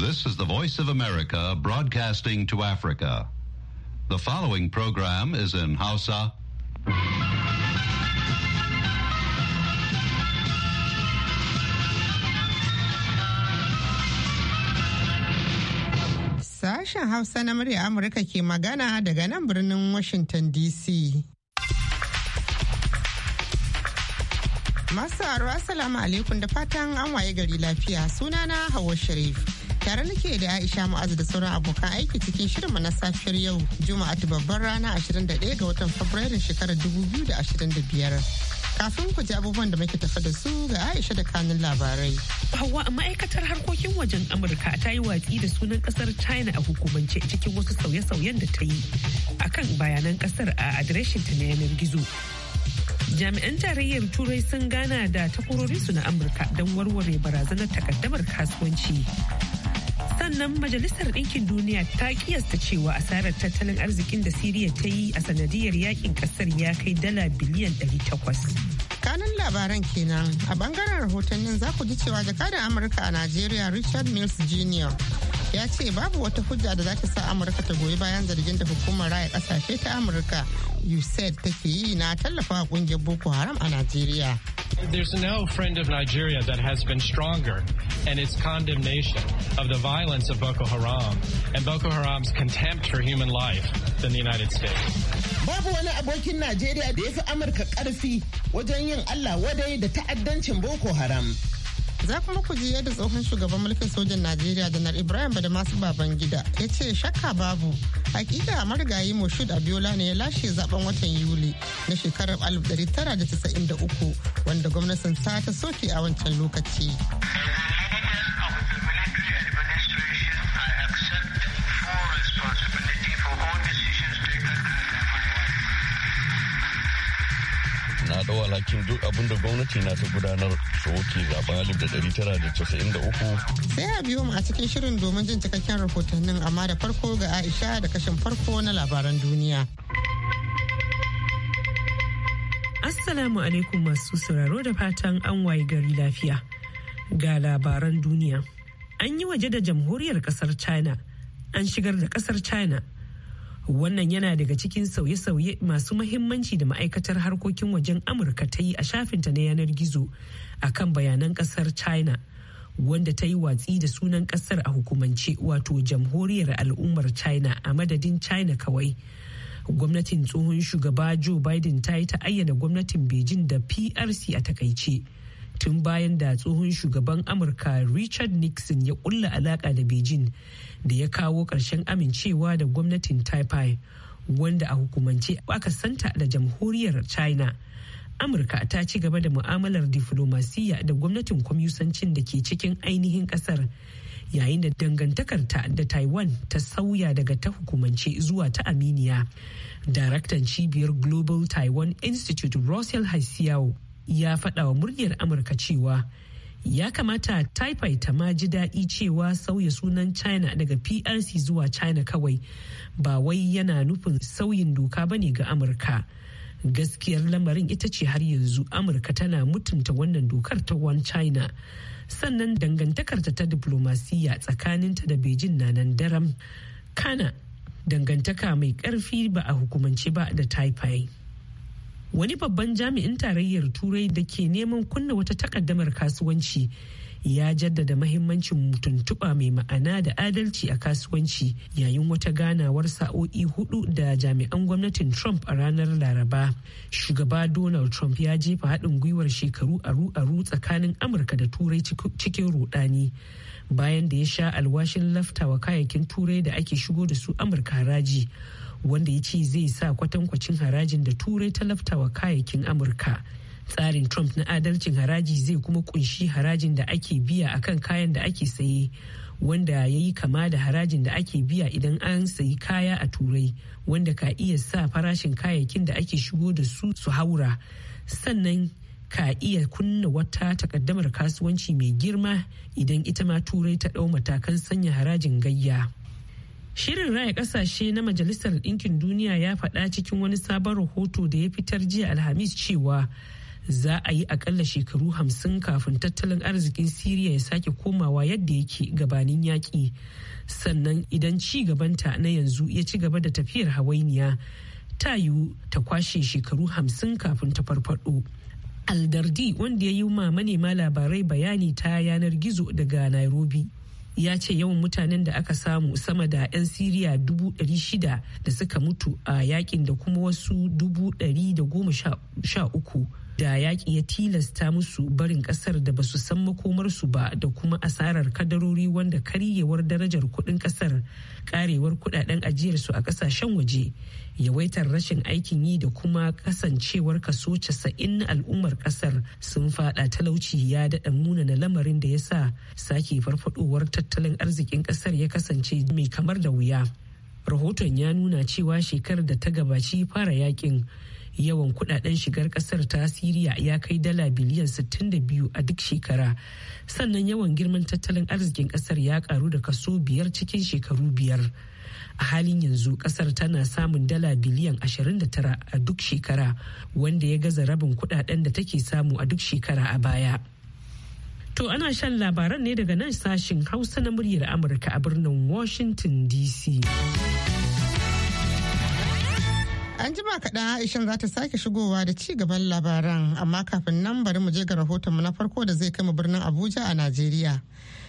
This is the Voice of America broadcasting to Africa. The following program is in Hausa. Sashen Hausa na murya Amurka ke magana daga nan birnin Washington DC. Masu aro Assalamu alaikum da fatan an waye gari lafiya sunana Hauwa Sharif. tare nake da Aisha Mu'azu da sauran abokan aiki cikin shirinmu na safiyar yau Juma'a ta babbar rana 21 ga watan Fabrairu shekarar 2025. Kafin ku ji abubuwan da muke tafa da su ga Aisha da kanun labarai. Hawa ma'aikatar harkokin wajen Amurka ta yi watsi da sunan kasar China a hukumance cikin wasu sauye-sauyen da ta yi kan bayanan kasar a ta na yanar gizo. jami'an tarayyar turai sun gana da su na amurka don warware barazanar takaddamar kasuwanci sannan majalisar ɗinkin duniya ta kiyasta cewa asarar tattalin arzikin da siriya ta yi a sanadiyar yakin ƙasar ya kai dala biliyan 800 kanun labaran kenan a bangaren rahotannin za ku ji cewa jakadan amurka a najeriya richard mills jr ya ce babu wata hujja da za ta sa amurka ta goyi bayan zargin da hukumar raya kasashe ta amurka usaid take yi na tallafa kungiyar boko haram a There's no friend of Nigeria that has been stronger in its condemnation of the violence of Boko Haram and Boko Haram's contempt for human life than the United States. Babu wani abokin Najeriya da ya fi Amurka ƙarfi wajen yin Allah wadai da ta'addancin Boko Haram. za kuma ku ji yadda tsohon shugaban mulkin sojan najeriya janar ibrahim da masu baban gida ya ce shakka babu hakika marigayi moshud abiola ne ya lashe zaben watan yuli na shekarar 1993 wanda gwamnatin sa ta soke a wancan lokaci na dawa alhakin duk abin da gwamnati na ta gudanar Oke da uku. Sai a biyo mu a cikin shirin domin jin cikakken rahotannin amma da farko ga Aisha da kashin farko na labaran duniya. Assalamu alaikum masu sauraro da fatan an waye gari lafiya. Ga labaran duniya. An yi waje da jamhuriyar kasar China. An shigar da kasar China. Wannan yana daga cikin sauye-sauye masu mahimmanci da ma'aikatar harkokin wajen Amurka ta yi a shafinta na yanar gizo a kan bayanan kasar China, wanda ta yi watsi da sunan kasar a hukumance wato Jamhuriyar Al'ummar China a madadin China kawai. Gwamnatin tsohon shugaba Joe Biden ta yi ta ayyana gwamnatin Beijing da PRC a takaice. tun bayan da tsohon shugaban amurka richard nixon ya kulla alaka da beijing da ya kawo ƙarshen amincewa da gwamnatin taipai wanda a hukumance aka santa da jamhuriyar china amurka ta ci gaba da mu'amalar diflomasiyya da gwamnatin kwamusancin da ke cikin ainihin kasar yayin da dangantakarta da taiwan ta sauya daga ta hukumance zuwa ta aminiya daraktan cibiyar global taiwan institute russell haisiyau ya faɗa wa muryar amurka cewa ya kamata taifai ta ma ji daɗi cewa sauya sunan china daga prc zuwa china kawai ba wai yana nufin sauyin doka ba ne ga amurka gaskiyar lamarin ita ce har yanzu amurka tana mutunta wannan dokar ta one china sannan dangantakarta ta diplomasiya tsakaninta da beijing na nan daram kana dangantaka mai ƙarfi ba a hukumance ba da taifai. wani babban jami'in tarayyar turai da ke neman kunna wata takaddamar kasuwanci ya jaddada mahimmancin tuntuɓa mai ma'ana da adalci a kasuwanci yayin wata ganawar sa'o'i hudu da jami'an gwamnatin trump a ranar laraba shugaba donald trump ya jefa haɗin gwiwar shekaru aru-aru tsakanin amurka da turai cikin rudani bayan da ya sha alwashin laftawa kayayyakin turai da ake shigo da su amurka haraji wanda ya ce zai sa kwatankwacin harajin da turai ta laftawa kayayyakin amurka tsarin trump na adalcin haraji zai kuma kunshi harajin da ake biya akan kayan da ake saye wanda ya yi kama da harajin da ake biya idan an sayi kaya a turai wanda ka iya sa farashin kayayyakin da ake shigo da su su haura sannan ka iya kunna wata takaddamar kasuwanci mai girma idan ita ma turai ta ɗau matakan sanya harajin gayya. Shirin raya kasashe na Majalisar dinkin Duniya ya faɗa cikin wani sabon rahoto da ya fitar jiya Alhamis cewa za a yi akalla shekaru hamsin kafin tattalin arzikin Siriya ya sake komawa yadda yake gabanin yaƙi. Sannan idan ci gabanta na yanzu ya ci gaba da tafiyar hawainiya, ta yiwu ta kwashe shekaru hamsin kafin ta farfaɗo. Aldardi wanda ya yi ma manema labarai bayani ta yanar gizo daga Nairobi. ya ce yawan mutanen da aka samu sama da 'yan siriya dubu shida da suka mutu a yakin da kuma wasu dubu da goma sha uku da yaƙi ya tilasta musu barin ƙasar da basu san makomarsu ba da kuma asarar kadarori wanda karyewar darajar kuɗin ƙasar ƙarewar kuɗaɗen ajiyarsu a ƙasashen waje yawaitar rashin aikin yi da kuma kasancewar kaso casa'in na al'ummar ƙasar sun faɗa talauci ya daɗa na lamarin da ya sa sake farfadowar tattalin arzikin ƙasar ya kasance mai kamar da wuya rahoton ya nuna cewa shekarar da ta gabaci fara yakin yawan kudaden shigar kasar ta siriya ya kai dala biliyan 62 a duk shekara sannan yawan girman tattalin arzikin kasar ya karu da kaso biyar cikin shekaru biyar a halin yanzu kasar tana samun dala biliyan 29 a duk shekara wanda ya gaza rabin kudaden da take samu a duk shekara a baya To ana shan labaran ne daga nan sashin hausa na muryar amurka a birnin washington dc An jima kaɗan Aishan za ta sake shigowa da ci gaban labaran amma kafin nan bari mu je ga rahotonmu na farko da zai kai mu birnin Abuja a Najeriya.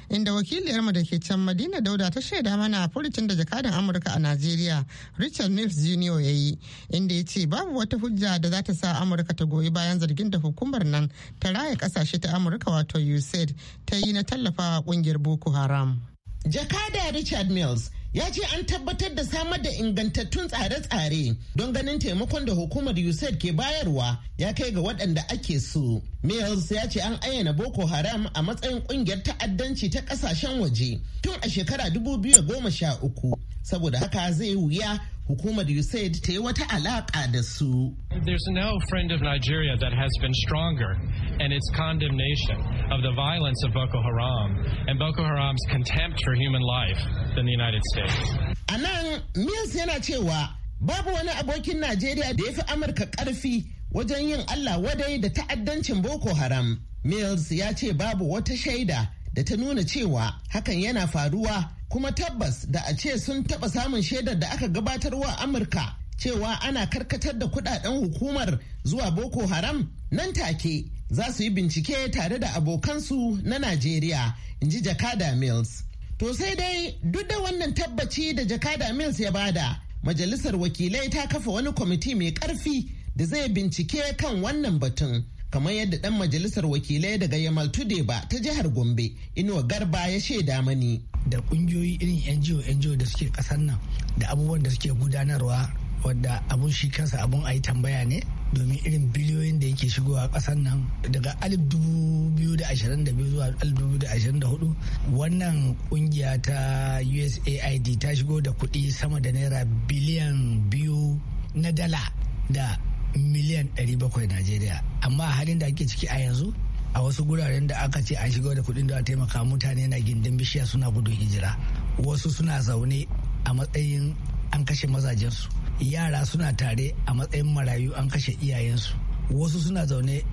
Inda wakiliyarmu da ke can Madina Dauda ta shaida mana furucin da jakadan Amurka a Najeriya Richard Mills Jr. ya yi inda ya ce babu wata hujja da za ta sa Amurka ta goyi bayan zargin da hukumar nan ta raya kasashe ta Amurka wato USAID ta yi na tallafawa kungiyar Boko Haram. Jakada Richard Mills ya ce an tabbatar da samar da ingantattun tsare-tsare don ganin taimakon da hukumar usaid ke bayarwa ya kai ga waɗanda ake so mills ya ce an ayyana boko haram a matsayin ƙungiyar ta'addanci ta ƙasashen waje tun a shekara 2013 saboda haka zai wuya hukumar USAID ta yi wata alaƙa da su. There's no friend of Nigeria that has been stronger and its condemnation of the violence of Boko Haram and Boko Haram's contempt for human life than the United States. A nan, Mills yana cewa babu wani abokin Najeriya da ya fi Amurka ƙarfi wajen yin Allah wadai da ta'addancin Boko Haram. Mills ya ce babu wata shaida da ta nuna cewa hakan yana faruwa kuma tabbas da a ce sun taɓa samun shaidar da aka gabatarwa amurka cewa ana karkatar da kudaden hukumar zuwa boko haram nan take za su yi bincike tare da abokansu na najeriya in ji jakada mills to sai dai duk da wannan tabbaci da jakada mills ya bada majalisar wakilai ta kafa wani kwamiti mai karfi da zai bincike kan wannan batun kamar yadda dan majalisar wakilai daga yamal tude ba ta jihar gombe inuwa garba ya shaida mani da kungiyoyi irin ngo ngo da suke kasar nan da abubuwan da suke gudanarwa wadda abun shi kansa abun a yi tambaya ne domin irin biliyoyin da yake shigowa kasar nan daga 2022 zuwa 2024 wannan kungiya ta usaid ta shigo da kuɗi sama da naira biliyan biyu na dala da miliyan 700 Najeriya amma a halin da ake ciki a yanzu a wasu guraren da aka ce a shigo da kuɗin da a taimaka mutane na gindin bishiya suna gudun hijira wasu suna zaune a matsayin an kashe mazajensu yara suna tare a matsayin marayu an kashe iyayensu wasu suna zaune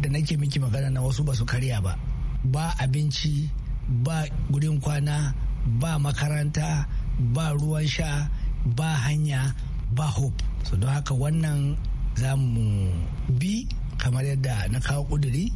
da nake miki magana na wasu ba su karya ba ba abinci ba gudun kwana ba makaranta ba ruwan sha ba hanya ba hope so don haka wannan za mu bi kamar yadda na kawo kuduri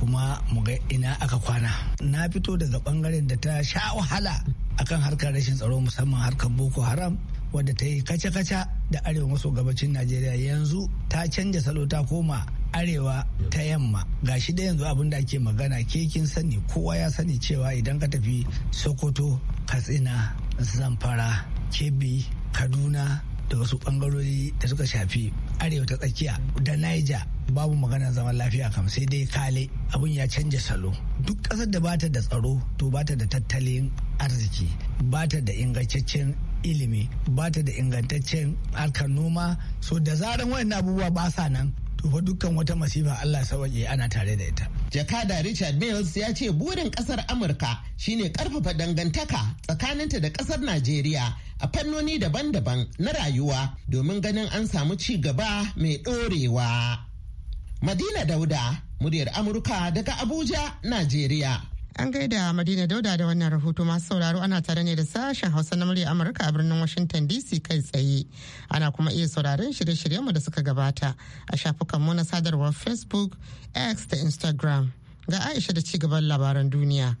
kuma mu ga ina aka kwana na fito daga bangaren da ta sha wahala akan harkar rashin tsaro musamman harkar boko haram wadda ta yi kaca-kaca da arewa maso gabacin najeriya yanzu ta canja salo ta koma arewa ta yamma Ga shi da yanzu abin da ake magana ke kin sani kowa ya sani cewa idan ka tafi sokoto katsina zamfara kebbi kaduna da wasu bangarori da suka shafi arewa ta tsakiya da niger babu magana zaman lafiya kam sai dai kale abun ya canja salo duk ƙasar da bata da tsaro to bata da tattalin arziki bata da ingantaccen ilimi bata da ingantaccen harkar noma so da zaran wayannan abubuwa ba sa nan tufa dukkan wata masifa Allah sauke ana tare da ita. Jakada Richard Mills ya ce burin kasar Amurka shine karfafa dangantaka tsakaninta da kasar Najeriya a fannoni daban-daban na rayuwa domin ganin an samu ci gaba mai ɗorewa. Madina Dauda, muryar Amurka daga Abuja, Najeriya. An gaida Madina Dauda da wannan rahoto masu sauraro ana tare ne da sashen Hausa na murya Amurka a birnin Washington DC kai tsaye. Ana kuma iya sauraron shirye-shiryenmu da suka gabata a shafukanmu na sadarwar Facebook, X da Instagram. Ga Aisha da ci gaban labaran duniya.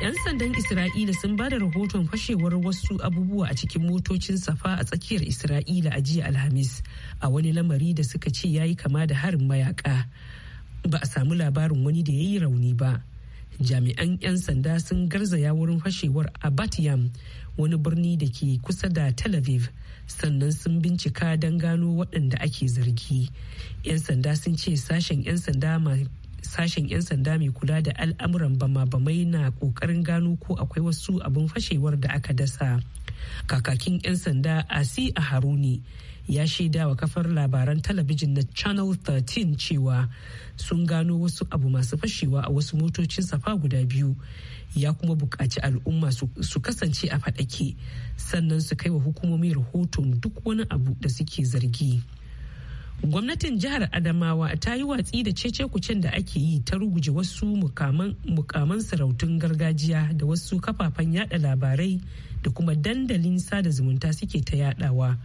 'yan sandan isra'ila sun ba da rahoton fashewar wasu abubuwa a cikin motocin safa a tsakiyar isra'ila a jiya alhamis a wani lamari da suka ce ya yi kama da harin mayaka ba a samu labarin wani da ya yi rauni ba jami'an 'yan sanda sun garzaya wurin fashewar a batiyam wani birni da ke kusa da tel aviv sannan sun bincika don gano waɗanda ake zargi 'yan sanda sun ce sashen 'yan sanda mai kula da al'amuran bama-bamai na ƙoƙarin gano ko akwai wasu abin fashewar da aka dasa kakakin 'yan sanda asi a haruni ya shaida wa kafar labaran talabijin na channel 13 cewa sun gano wasu abu masu fashewa a wasu motocin safa guda biyu ya kuma buƙaci al'umma su kasance a faɗake sannan su kai wa hukumomi rahoton duk wani abu da suke zargi. gwamnatin jihar adamawa ta yi watsi da cece kucen da ake yi ta ruguje wasu mukaman sarautun gargajiya da wasu kafafen yada labarai da kuma dandalin sada zumunta suke ta yadawa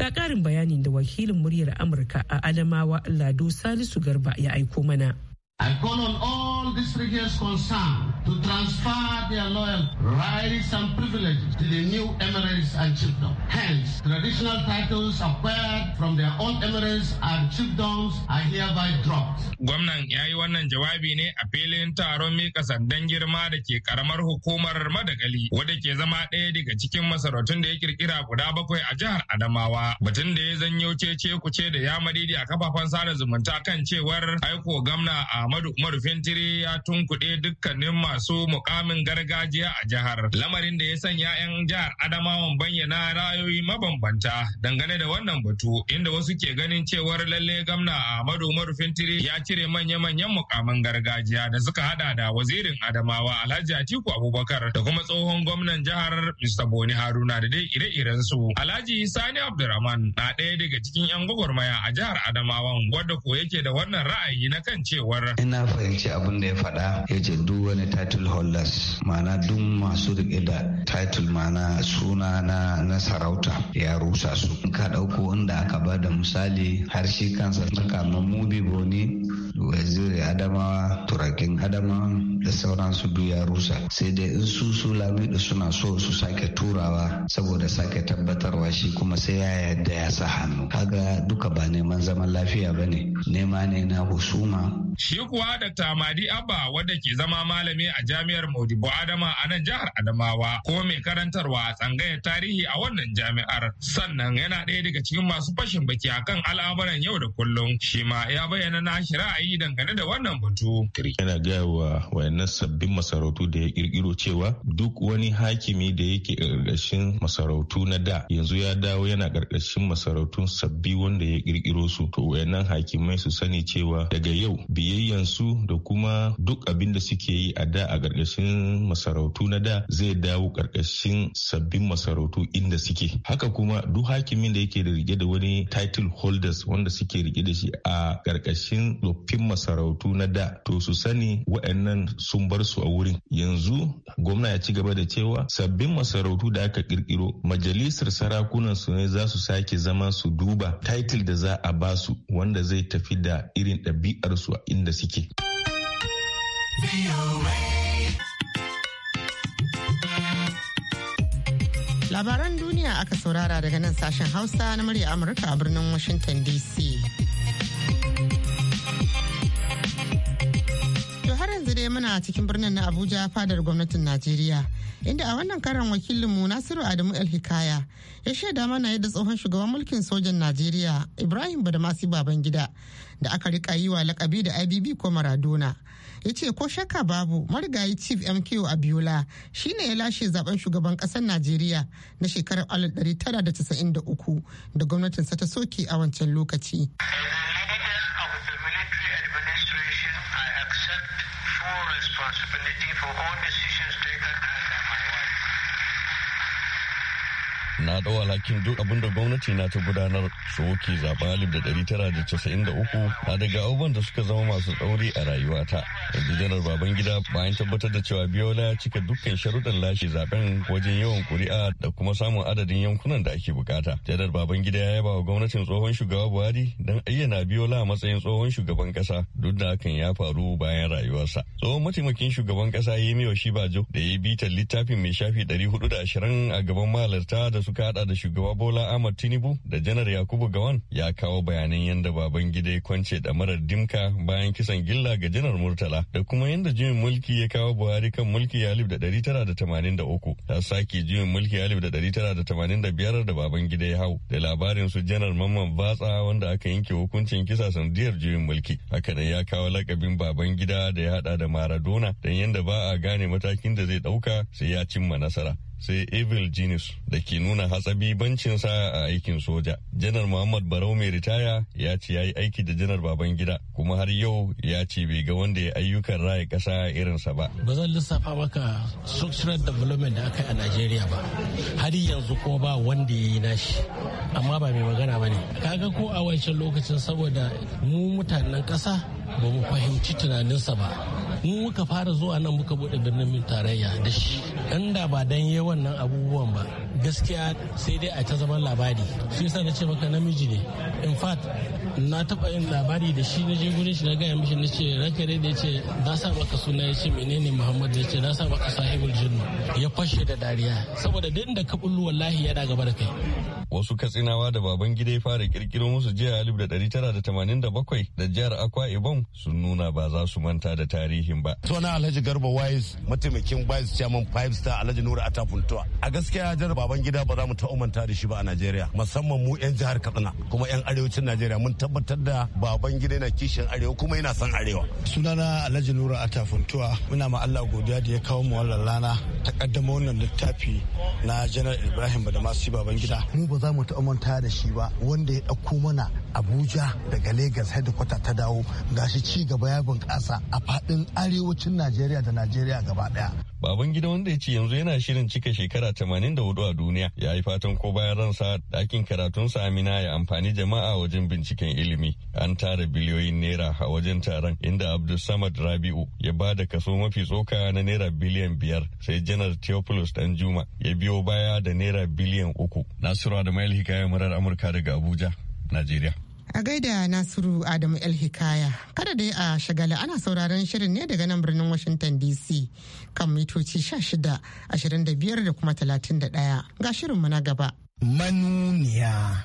Ga ƙarin bayanin da wakilin muryar Amurka a Adamawa Lado Salisu Garba ya aiko mana. I call on all all district heads concerned to transfer their loyal rights and privileges to the new emirates and chiefdoms. Hence, traditional titles acquired from their own emirates and chiefdoms are hereby dropped. Gwamnan ya yi wannan jawabi ne a filin taron mika sandan girma da ke karamar hukumar Madagali wadda ke zama ɗaya daga cikin masarautun da ya kirkira guda bakwai a jihar Adamawa. Batun da ya zanyo cece kuce da ya madidi a kafafen sada zumunta kan cewar aiko gwamna Ahmadu Umaru Fintiri ya tunkuɗe dukkanin masu mukamin gargajiya a jihar. Lamarin da ya sanya 'yan jihar Adamawan bayyana rayoyi mabambanta dangane da wannan batu inda wasu ke ganin cewar lalle gamna Ahmadu Umaru Fintiri ya cire manya-manyan mukamin gargajiya da suka hada da wazirin Adamawa Alhaji Atiku Abubakar da kuma tsohon gwamnan jihar Mr. Boni Haruna da dai ire-iren su. Alhaji Sani Abdurrahman na ɗaya daga cikin 'yan gwagwarmaya a jihar Adamawan wadda ko yake da wannan ra'ayi na kan cewar. Ina fahimci abin da ya faɗa ya ce duk wani title holders ma'ana duk masu riƙe da title ma'ana suna na na sarauta ya rusa su in ka ɗauko inda aka ba da misali har shi kansa ta kama mubi boni waziri adamawa turakin adamawa da sauransu duya rusa sai dai in su su suna so su sake turawa saboda sake tabbatarwa shi kuma sai ya yadda ya sa hannu kaga duka ba neman zaman lafiya ba ne nema ne na husuma shi kuwa da tamadi abba wadda ke zama malami a jami'ar modibo adama a nan jihar adamawa ko mai karantarwa a tsangayar tarihi a wannan jami'ar sannan yana ɗaya daga cikin masu fashin baki akan al'amuran yau da kullum shi ma ya bayyana nashi ra'ayi yi dangane da wannan batu. Yana gaya wa wayannan sabbin masarautu da ya kirkiro cewa duk wani hakimi da yake karkashin masarautu na da yanzu ya dawo yana karkashin masarautun sabbi wanda ya kirkiro su to wayannan hakimai su sani cewa daga yau biyayyan su da kuma duk abin da suke yi a da a karkashin masarautu na da zai dawo karkashin sabbin masarautu inda suke haka kuma duk hakimin da yake da rike da wani title holders wanda suke rike da shi a karkashin tsoffin cikin masarautu na da to su sani wa'annan sun bar su a wurin yanzu gwamna ya ci gaba da cewa sabbin masarautu da aka kirkiro majalisar sarakunan su ne za su sake zama su duba title da za a ba su wanda zai tafi da irin ɗabi'ar su a inda suke. Labaran duniya aka saurara daga nan sashen Hausa na murya Amurka a birnin Washington DC. yanzu dai muna cikin birnin na Abuja fadar gwamnatin Najeriya inda a wannan karan wakilinmu Nasiru Adamu El Hikaya ya shaida mana yadda tsohon shugaban mulkin sojan Najeriya Ibrahim Badamasi Babangida da aka rika yi wa lakabi da IBB ko Maradona ya ce ko shakka babu marigayi chief mko Abiola shine ya lashe zaben shugaban kasar Najeriya na shekarar 1993 da gwamnatinsa ta soke a wancan lokaci. affinity for all the na ɗau alhakin duk abin da gwamnati na ta gudanar su soke zaɓen alif da ɗari tara da casa'in da uku na daga abubuwan da suka zama masu tsauri a rayuwata yanzu janar baban gida bayan tabbatar da cewa biyola ya cika dukkan sharuɗan lashe zaɓen wajen yawan ƙuri'a da kuma samun adadin yankunan da ake bukata janar baban gida ya yaba wa gwamnatin tsohon shugaba buhari don ayyana biyola a matsayin tsohon shugaban ƙasa duk da hakan ya faru bayan rayuwarsa tsohon mataimakin shugaban ƙasa yemi oshibajo da ya bi ta littafin mai shafi ɗari hudu da ashirin a gaban mahalarta da su suka hada da shugaba Bola Ahmad Tinubu da Janar Yakubu Gawan ya kawo bayanan yadda baban gida ya kwance da marar dimka bayan kisan gilla ga Janar Murtala da kuma yadda juyin mulki ya kawo Buhari kan mulki alif da ɗari tara da tamanin da uku ta sake juyin mulki alif da ɗari tara da tamanin da biyar da baban gida ya hau da labarin su Janar Mamman Batsa wanda aka yanke hukuncin kisa sandiyar juyin mulki haka da ya kawo lakabin baban gida da ya hada da Maradona don yadda ba a gane matakin da zai dauka sai ya cimma nasara. sai Evil Genius da ke nuna sa a aikin soja. Janar Muhammad Barau mai ritaya ya ce ya yi aiki da Janar baban gida kuma har yau ya ce bai ga wanda ya ayyukan raya kasa irinsa ba. Ba zan lissafa maka structural development da aka yi a Najeriya ba. Har yanzu ko ba wanda ya yi nashi. Amma ba mai magana ba ne. Kaga ko a wancan lokacin saboda mu mutanen ƙasa ba mu fahimci tunaninsa ba mu muka fara zuwa nan muka bude birnin tarayya da shi dan da ba dan yi wannan abubuwan ba gaskiya sai dai a ta zaman labari shi yasa na ce maka namiji ne in fact na taba yin labari da shi na je gurin shi na gaya mishi na ce ranka dai da ya ce na sa maka suna ya ce menene muhammad ya ce na sa maka sahibul jinnu ya fashe da dariya saboda duk da ka bullu wallahi yana gaba da kai wasu katsinawa da baban gida ya fara kirkiro musu jiya 1987 da jihar akwa ibom sun nuna ba za su manta da tarihin ba. Suna Alhaji Garba Wais, mataimakin Vice Chairman Five Star Alhaji Nura Atafuntuwa. A gaskiya jar baban gida ba za mu ta'umanta da shi ba a Najeriya musamman mu 'yan jihar Katsina kuma 'yan arewacin Najeriya mun tabbatar da baban gida yana kishin arewa kuma yana son arewa. Sunana Alhaji Nura Atafuntuwa muna ma Allah godiya da ya kawo mu wannan rana ta kaddama wannan littafi na Janar Ibrahim Badamasi baban gida. Mu ba za mu ta'umanta da shi ba wanda ya ɗauko mana abuja daga Legas headquarter ta dawo gashi ci gaba ya bunƙasa a faɗin arewacin najeriya da najeriya gaba daya. baban gida wanda ya ci yanzu yana shirin cika shekara 84 a duniya ya yi fatan ko bayan ransa dakin karatun amina ya amfani jama'a wajen binciken ilimi an tara biliyoyin naira a wajen taron inda abdulsamad rabi'u ya ba da kaso mafi tsoka na naira biliyan biyar sai janar theophilus danjuma ya biyo baya da naira biliyan uku nasiru da mail hikayar murar amurka daga abuja Najeriya. A gaida Nasiru Adamu El Hikaya, kada dai a shagala ana sauraron shirin ne daga nan birnin Washington DC kan mitoci 16, 25 da kuma 31 ga shirinmu na gaba. Manuniya.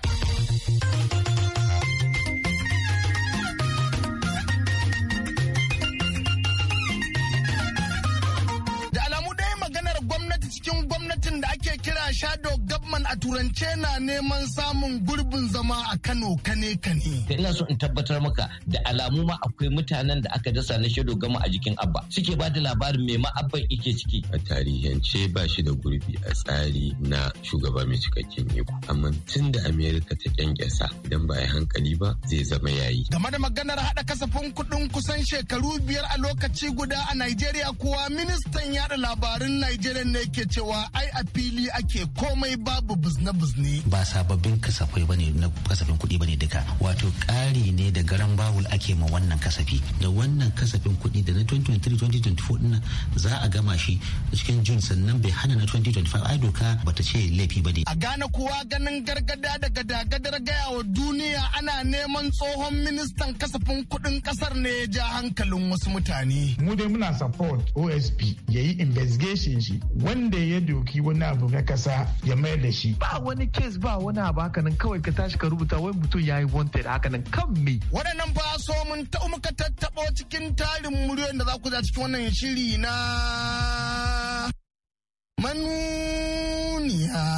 ake kira shadow government a turance na neman samun gurbin zama a Kano kane kane. Ina so in tabbatar maka da alamu ma akwai mutanen da aka dasa na shadow gama a jikin Abba suke ba da labarin me ma Abba yake ciki. A tarihance ba shi da gurbi a tsari na shugaba mai cikakken iko. Amma tun da Amerika ta kyankyasa idan ba ya hankali ba zai zama yayi. Game da maganar hada kasafin kuɗin kusan shekaru biyar a lokaci guda a Najeriya kuwa ministan yada labarin Najeriya ne ke cewa ai a fili fili ake komai babu buzne-buzne. Ba sababbin kasafai ba ne na kasafin kuɗi ba ne duka. Wato ƙari ne da garan bawul ake ma wannan kasafi. Da wannan kasafin kuɗi da na 2023-2024 ɗin za a gama shi cikin Jun sannan bai hana na 2025 ai doka bata ce laifi ba A gane kuwa ganin gargada da dagadar gaya wa duniya ana neman tsohon ministan kasafin kuɗin ƙasar ne ya ja hankalin wasu mutane. Mu dai muna support OSP ya yi investigation shi wanda ya doki wani abu abu na kasa ya mayar da shi ba wani kes ba wani abu haka nan kawai ka tashi ka rubuta wai mutum ya yi wanted haka nan kan me waɗannan ba so mun ta muka cikin tarin muryoyin da za ku za cikin wannan shiri na manuniya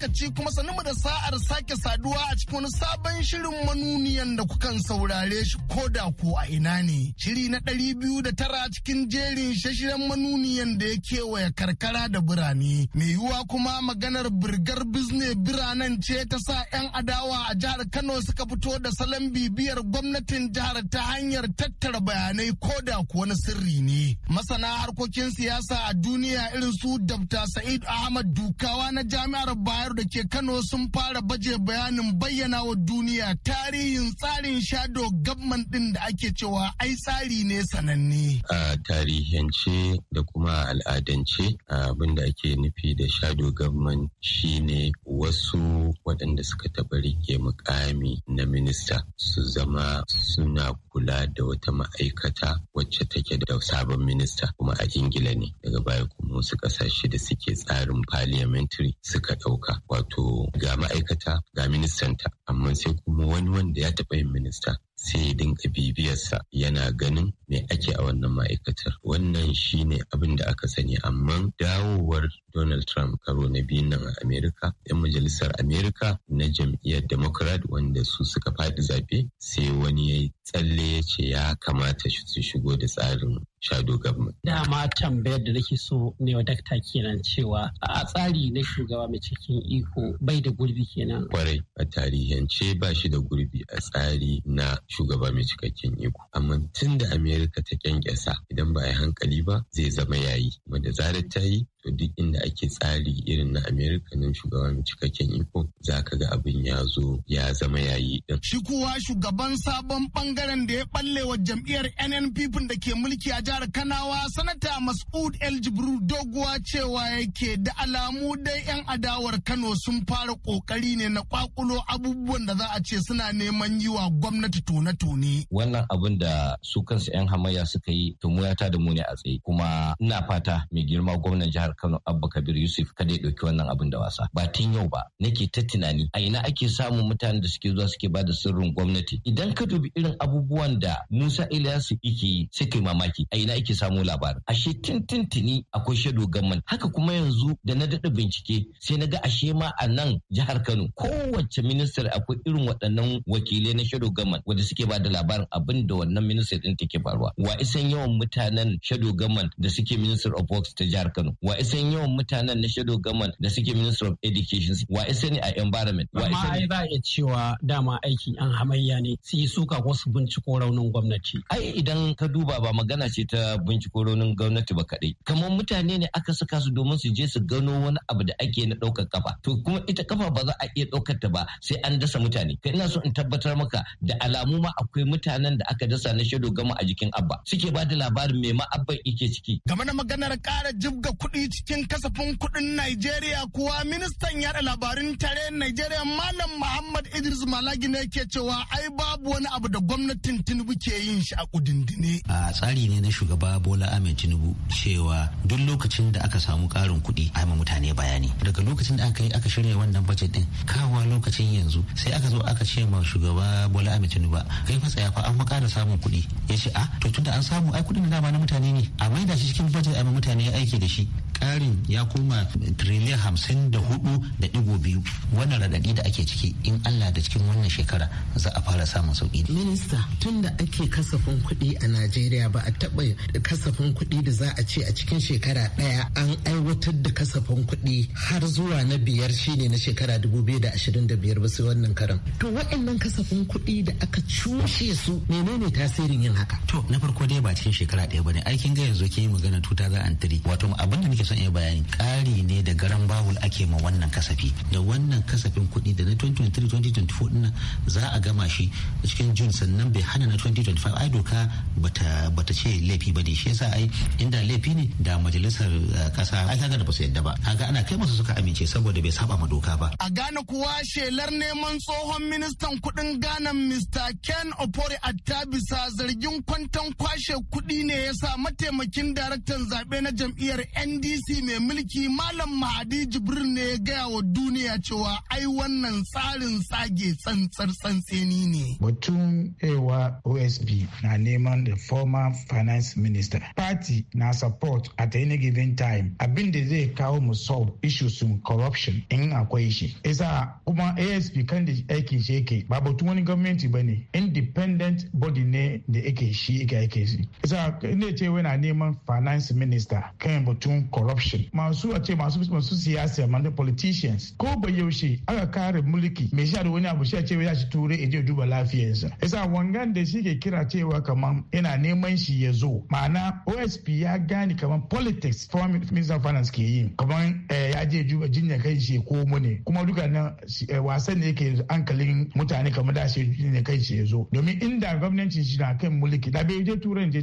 lokaci kuma sanin da sa'ar sake saduwa a cikin wani sabon shirin manuniyan da kukan saurare shi ko da ko a ina ne. Shiri na ɗari biyu da tara cikin jerin shashiren manuniyan da ya kewaye karkara da birane. Mai yiwuwa kuma maganar birgar bizne biranen ce ta sa 'yan adawa a jihar Kano suka fito da salon bibiyar gwamnatin jihar ta hanyar tattara bayanai ko da ko wani sirri ne. Masana harkokin siyasa a duniya irin su Dr. Sa'id Ahmad Dukawa na jami'ar Bayero Bayero da ke Kano sun fara baje bayanin bayyana wa duniya tarihin tsarin shado gabman ɗin da ake cewa ai tsari ne sananne. A tarihance da kuma al'adance abin da ake nufi da shado gabman shine wasu waɗanda suka taɓa rike mukami na minista su zama suna kula da wata ma'aikata wacce take da sabon minista kuma a ingila ne daga baya kuma wasu kasashe da suke tsarin parliamentary suka ɗauka wato ga ma'aikata ga ministanta amma sai kuma wani wanda ya taɓa yin minista sai dinka bibiyarsa yana ganin me ake a wannan ma'aikatar wannan shine abin da aka sani amma dawowar donald trump karo na biyun nan a amerika yan majalisar amerika na jam'iyyar democrat wanda su suka faɗi zaɓe sai wani ya tsalle ya ce ya kamata su shigo da tsarin shado government. Dama tambayar da nake so ne wa dakta kenan cewa a tsari na shugaba mai cikin iko bai da gurbi kenan. Kwarai a tarihance ba shi da gurbi a tsari na shugaba mai cikakken iko. Amma tun da Amerika ta kyankyasa idan ba a yi hankali ba zai zama yayi. Wanda zarar ta yi to duk inda ake tsari irin na amerika nan shugaban cikakken iko za ka ga abin ya zo ya zama yayi din shi kuwa shugaban sabon bangaren da ya balle wa jam'iyyar nnpp da ke mulki a jihar kanawa sanata mas'ud el jibru doguwa cewa yake da alamu dai yan adawar kano sun fara kokari ne na kwakulo abubuwan da za a ce suna neman yi wa gwamnati tone-tone wannan abin da su kansu yan hamayya suka yi to mu ya ta da mu ne a tsaye kuma ina fata mai girma gwamnan jihar jihar Kano Abba Kabir Yusuf kada ya ɗauki wannan abin da wasa ba tun yau ba nake ta tunani a ina ake samun mutanen da suke zuwa suke bada sirrin gwamnati idan ka dubi irin abubuwan da Musa Ilyasu yake yi sai kai mamaki a ina ake samu labarin ashe tintintini akwai Shado gamman haka kuma yanzu da na daɗa bincike sai na ga ashe ma a nan jihar Kano kowace minister akwai irin waɗannan wakilai na Shado gamman wanda suke bada labarin abin da wannan minister ɗin take faruwa wa isan yawan mutanen Shado gamman da suke minister of works ta jihar Kano wa isan yawan mutanen na shadow government da suke minister of education wa isa ne a environment wa isa ne za cewa dama aiki an hamayya ne su yi suka ko su binciko raunin gwamnati ai idan ka duba ba magana ce ta binciko raunin gwamnati ba kaɗai kamar mutane ne aka saka su domin su je su gano wani abu da ake na ɗaukar kafa to kuma ita kafa ba za a iya ɗaukata ta ba sai an dasa mutane ka ina so in tabbatar maka da alamu ma akwai mutanen da aka dasa na shadow gama a jikin abba suke ba da labarin me ma abban yake ciki Gama na maganar kara jibga kuɗi cikin kasafin kuɗin Najeriya kuwa ministan yada labarin tare Najeriya Malam Muhammad Idris Malagi ne ke cewa ai babu wani abu da gwamnatin Tinubu ke yin shi a kudindine. A tsari ne na shugaba Bola Ahmed Tinubu cewa duk lokacin da aka samu ƙarin kuɗi a ma mutane bayani. Daga lokacin da aka yi aka shirya wannan budget din kawa lokacin yanzu sai aka zo aka ce ma shugaba Bola Ahmed Tinubu kai fa tsaya fa an ƙara samun kuɗi. Ya ce a ah, to tunda an samu ai kuɗin da dama na mutane ne a maida shi cikin budget a mutane ya aiki da shi karin ya koma triliyan hamsin da hudu da digo biyu wannan radadi da ake ciki in allah da cikin wannan shekara za a fara samun sauki minista tun da ake kasafin kuɗi a najeriya ba a taɓa kasafin kuɗi da za a ce a cikin shekara ɗaya an aiwatar da kasafin kuɗi har zuwa na biyar shine na shekara 2025 ba sai wannan karan to waɗannan kasafin kuɗi da aka cushe su menene tasirin yin haka to na farko dai ba cikin shekara ɗaya bane aikin ga yanzu ke yi magana 2003 wato abin da nake son iya bayani ƙari ne da garan bawul ake ma wannan kasafi da wannan kasafin kuɗi da na 2023-2024 ɗin za a gama shi cikin jun sannan bai hana na 2025 ai doka bata ce laifi ba ne shi yasa ai inda laifi ne da majalisar eh, ƙasa ai kaga da ba su yadda ba kaga ana kai masu suka amince saboda bai saba ma doka ba a Ghana kuwa shelar neman tsohon ministan kuɗin Ghana Mr Ken Opori Atta bisa zargin kwantan kwashe kuɗi ne yasa mataimakin daraktan zaɓe na jam'iyyar NDC APC mai mulki Malam Mahadi Jibril ne ya gaya wa duniya cewa ai wannan tsarin sage tsantsar sansani ne. Batun ewa OSB na neman da former finance minister. Party na support at any given time abin da zai kawo mu solve issues sun corruption in akwai shi. Isa kuma ASP kan da aiki shi yake ba batun wani gwamnati ba ne independent body ne da yake shi yake aiki shi. Isa ne ce wani neman finance minister kan batun corruption corruption masu a ce masu masu siyasa manda politicians ko ba yaushe aka kare mulki mai sha da wani abu shi a ce ya shi ture ya je duba lafiyarsa yasa wangan da shi ke kira cewa kaman yana neman shi ya zo ma'ana osp ya gane kaman politics from minister finance ke yi kaman eh, ya je duba jinya kai shi ko mu ne kuma duka nan eh, wasan ne yake hankalin mutane kamar da shi jinya kai shi ya zo domin inda gwamnati shi na kan mulki da bai je turai je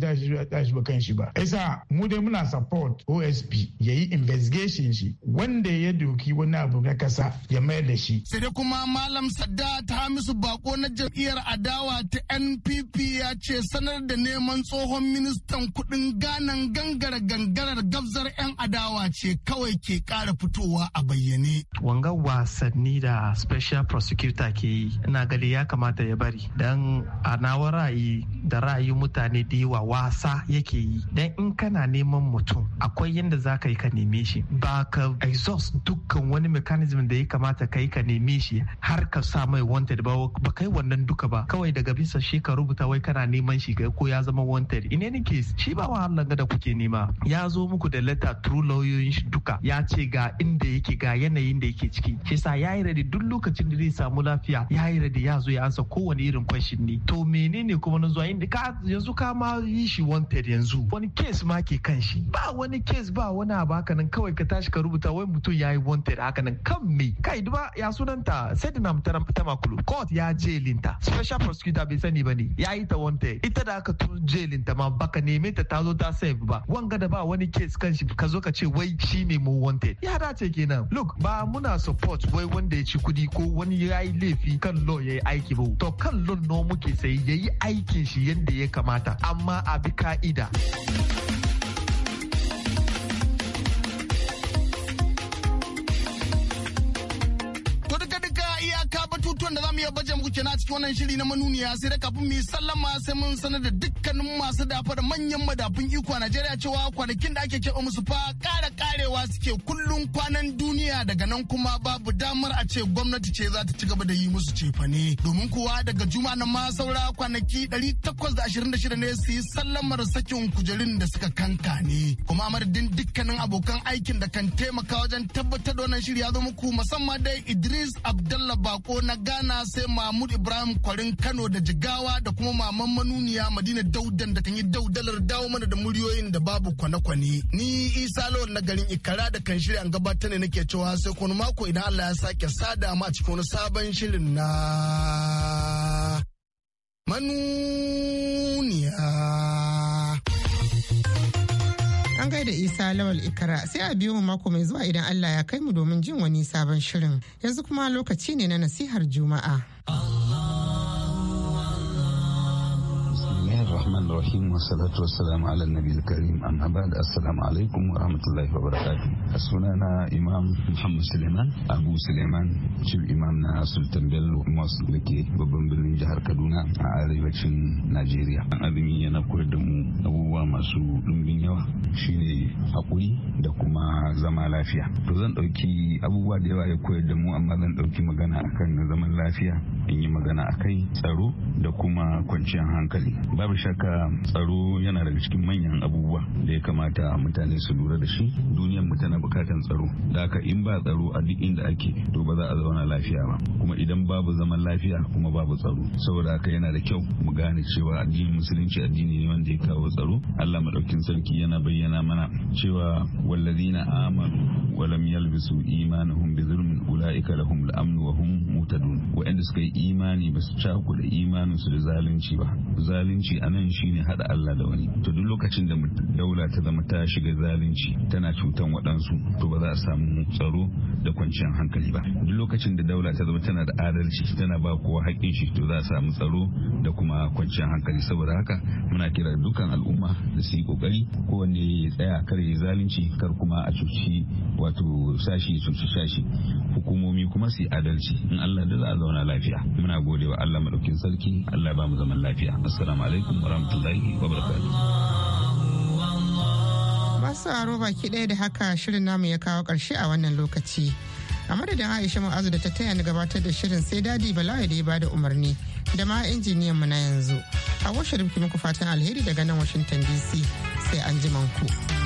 shi ba kan shi ba yasa mu dai muna support osp ya yi investigation shi wanda ya doki wani abu na kasa ya mayar da shi. Sai dai kuma Malam Sadda ta Hamisu Bako na jam'iyyar adawa ta NPP ya ce sanar da neman tsohon ministan kuɗin ganan gangara gangarar gabzar 'yan adawa ce kawai ke kara fitowa a bayyane. Wanga wasanni da special prosecutor ke yi na gani ya kamata ya bari don a nawa ra'ayi da ra'ayin mutane da yawa wasa yake yi don in kana neman mutum akwai yadda za ka ka neme shi ba ka exhaust dukkan wani mechanism da ya kamata ka yi ka neme shi har ka sa mai wanted ba ba kai wannan duka ba kawai daga bisa shi ka rubuta wai kana neman shi ko ya zama wanted in any case shi ba wahalar da kuke nema ya zo muku da letter through lauyoyin shi duka ya ce ga inda yake ga yanayin da yake ciki shi sa yayi ready duk lokacin da zai samu lafiya yayi ready ya zo ya ansa kowane irin question ne to menene kuma na zuwa inda ka yanzu ka ma yi shi wanted yanzu wani case ma ke kan shi ba wani case ba wani abu haka nan kawai ka tashi ka rubuta wai mutum ya yi wanted haka nan kan me kai duba ya sunanta sedinam tamakulu court ya jelinta special prosecutor bai sani ba ne ya yi ta wanted ita da aka tun jelinta ma baka neme ta ta zo ta save ba wanga da ba wani case kan shi ka zo ka ce wai shi ne mu wanted ya dace kenan look ba muna support wai wanda ya ci kudi ko wani ya yi laifi kan law ya yi aiki ba to kan law no muke sai ya yi aikin shi yadda ya kamata amma a bi ka'ida. iya bajan kenan a cikin wannan shiri na manuniya sai da kafin mu sallama sai mun sanar da dukkanin masu dafa da manyan madafun iko a Najeriya cewa kwanakin da ake keɓe musu fa ƙara ƙarewa suke kullum kwanan duniya daga nan kuma babu damar a ce gwamnati ce za ta ci gaba da yi musu cefane domin kuwa daga juma na ma saura kwanaki 826 ne su yi sallamar sakin kujerun da suka kanka ne kuma madadin dukkanin abokan aikin da kan taimaka wajen tabbatar da wannan shiri ya zo muku musamman dai Idris Abdallah Bako na Ghana sai Mamu mahmud ibrahim kwarin kano da jigawa da kuma maman manuniya madina daudan da kan yi daudalar dawo mana da muryoyin da babu kwane-kwane ni isa lawal na garin ikara da kan shirya gabatar ne nake cewa sai kun mako idan allah ya sake sada ma cikin wani sabon shirin na manuniya an gaida isa lawal ikara sai a biyo mu mako mai zuwa idan allah ya kai mu domin jin wani sabon shirin yanzu kuma lokaci ne na nasihar juma'a Allah. الرحمن الرحيم والصلاة والسلام على النبي الكريم أما بعد السلام عليكم ورحمة الله وبركاته السنانا إمام محمد سليمان أبو سليمان شيف إمامنا سلطان بيلو موس لكي ببن بلن جهر كدونا أعلي بكشن نيجيريا أبني ينبكر دمو أبو ومسو لنبين يوا شيني أقوي دكما زما لافيا تزن أوكي أبوا ديوا يكوي دمو أما زن أوكي مغانا أكن زمن لافيا إني مغانا أكي tsaro da كونشي kwanciyar hankali babu shakka tsaro yana daga cikin manyan abubuwa da ya kamata mutane su lura da shi duniyar mu tana bukatan tsaro da haka in ba tsaro a duk inda ake to ba za a zauna lafiya ba kuma idan babu zaman lafiya kuma babu tsaro saboda haka yana da kyau mu gane cewa addinin musulunci addini ne wanda ya kawo tsaro Allah madaukin sarki yana bayyana mana cewa wallazina amanu wa lam yalbisu imanuhum bi zulmin ulaika lahum al-amn wa hum muhtadun wa'anda suka yi imani basu su cakuɗa imanin su da zalunci ba zalunci a nan shine hada Allah da wani to duk lokacin da daula ta zama ta shiga zalunci tana cutan waɗansu to ba za a samu tsaro da kwanciyar hankali ba duk lokacin da daula ta zama tana da adalci tana ba kowa haƙƙin shi to za a samu tsaro da kuma kwanciyar hankali saboda haka muna kira dukan al'umma da su yi kokari kowanne ya tsaya kar ya zalunci kar kuma a cuci wato sashi cuci sashi hukumomi kuma su yi adalci in Allah da za a zauna lafiya muna gode wa Allah madaukin sarki Allah ba mu zaman lafiya assalamu alaikum warahmatullahi wabarakatuh. masu aro baki ɗaya da haka shirin namu ya kawo ƙarshe a wannan lokaci a madadin aisha mu'azu da ta taya ni gabatar da shirin sai dadi bala ya da ya bada umarni da ma injiniyan mu na yanzu a washe muku fatan alheri daga nan washington dc sai an ku.